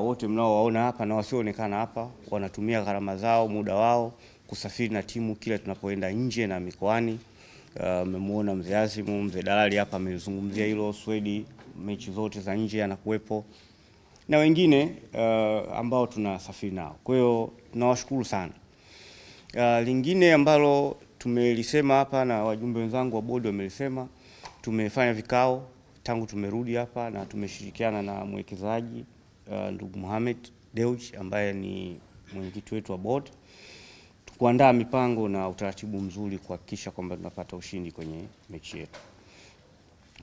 Wote mnaowaona hapa na wasioonekana hapa wanatumia gharama zao, muda wao kusafiri na timu kila tunapoenda nje na mikoani. Uh, mmemwona uh, mzee Azimu, mzee Dalali hapa amezungumzia hilo. Swedi mechi zote za nje anakuwepo na wengine uh, ambao tunasafiri nao. Kwa hiyo tunawashukuru sana. Uh, lingine ambalo tumelisema hapa na wajumbe wenzangu wa bodi wamelisema, tumefanya vikao tangu tumerudi hapa na tumeshirikiana na mwekezaji uh, ndugu Mohamed Dewji ambaye ni mwenyekiti wetu wa board kuandaa mipango na utaratibu mzuri kuhakikisha kwamba tunapata ushindi kwenye mechi yetu.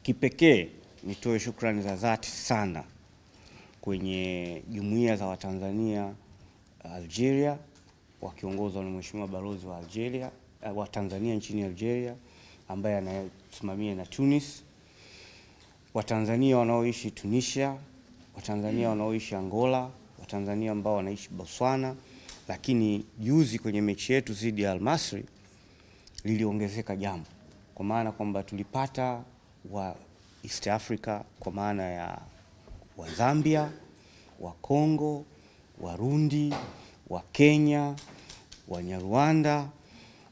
Kipekee nitoe shukrani za dhati sana kwenye jumuiya za Watanzania Algeria, wakiongozwa na Mheshimiwa balozi wa Algeria uh, wa Tanzania nchini Algeria ambaye anasimamia na Tunis, Watanzania wanaoishi Tunisia Watanzania wanaoishi Angola, Watanzania ambao wanaishi Botswana, lakini juzi kwenye mechi yetu dhidi ya Almasri liliongezeka jambo, kwa maana kwamba tulipata wa East Africa kwa maana ya wa Zambia, wa Kongo, Warundi, wa Kenya, Nyarwanda,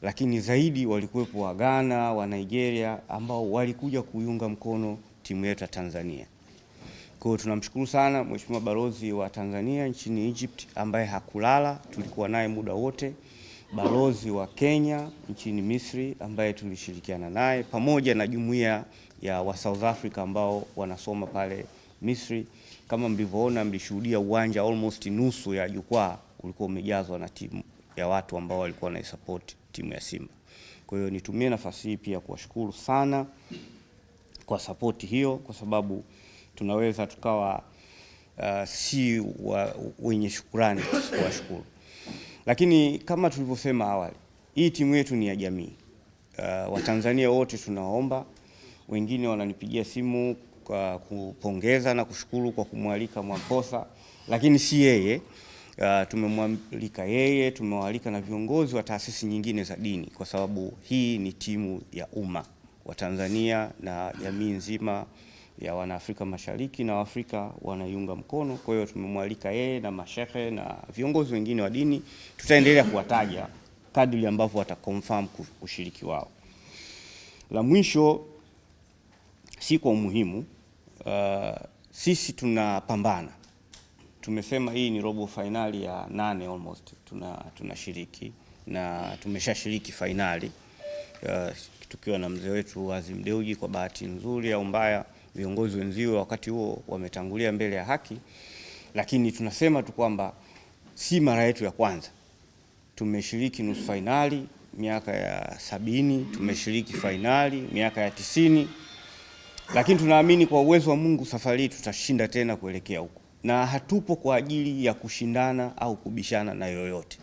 lakini zaidi walikuwepo wa Ghana, wa Nigeria ambao walikuja kuiunga mkono timu yetu ya Tanzania. Kwa hiyo tunamshukuru sana Mheshimiwa Balozi wa Tanzania nchini Egypt ambaye hakulala, tulikuwa naye muda wote, Balozi wa Kenya nchini Misri ambaye tulishirikiana naye pamoja na jumuiya ya wa South Africa ambao wanasoma pale Misri. Kama mlivyoona, mlishuhudia uwanja almost nusu ya jukwaa ulikuwa umejazwa na timu ya watu ambao walikuwa wanaisupport timu ya Simba. Kwa hiyo nitumie nafasi hii pia kuwashukuru sana kwa sapoti hiyo kwa sababu tunaweza tukawa uh, si wa, wenye shukurani kuwashukuru, lakini kama tulivyosema awali, hii timu yetu ni ya jamii. Uh, Watanzania wote tunaomba, wengine wananipigia simu kwa kupongeza na kushukuru kwa kumwalika Mwamposa, lakini si yeye Uh, tumemwalika yeye, tumewaalika na viongozi wa taasisi nyingine za dini, kwa sababu hii ni timu ya umma wa Tanzania na jamii nzima ya Wanaafrika Mashariki na Waafrika wanaiunga mkono. Kwa hiyo tumemwalika yeye na mashehe na viongozi wengine wa dini, tutaendelea kuwataja kadri ambavyo watakonfirm ushiriki wao. La mwisho si kwa umuhimu, uh, sisi tunapambana. Tumesema hii ni robo fainali ya nane almost tunashiriki tuna na tumeshashiriki fainali uh, tukiwa na mzee wetu Azim Deuji. Kwa bahati nzuri au mbaya viongozi wenzio wakati huo wametangulia mbele ya haki, lakini tunasema tu kwamba si mara yetu ya kwanza. Tumeshiriki nusu fainali miaka ya sabini, tumeshiriki fainali miaka ya tisini, lakini tunaamini kwa uwezo wa Mungu safari hii tutashinda tena kuelekea huko, na hatupo kwa ajili ya kushindana au kubishana na yoyote.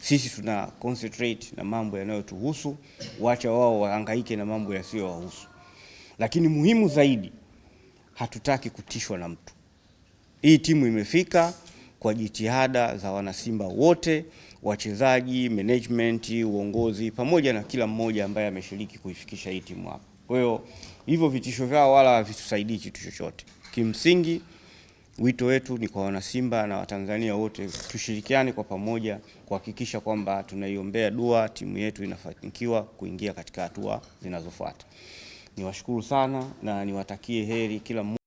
Sisi tuna concentrate na mambo yanayotuhusu, wacha wao wahangaike na mambo yasiyowahusu. Lakini muhimu zaidi hatutaki kutishwa na mtu. Hii timu imefika kwa jitihada za wanasimba wote, wachezaji, management, uongozi pamoja na kila mmoja ambaye ameshiriki kuifikisha hii timu hapa. Kwa hiyo hivyo vitisho vyao wala havitusaidii kitu chochote. Kimsingi, wito wetu ni kwa wanasimba na Watanzania wote tushirikiane kwa pamoja kuhakikisha kwamba tunaiombea dua timu yetu inafanikiwa kuingia katika hatua zinazofuata. Niwashukuru sana na niwatakie heri kila mmoja.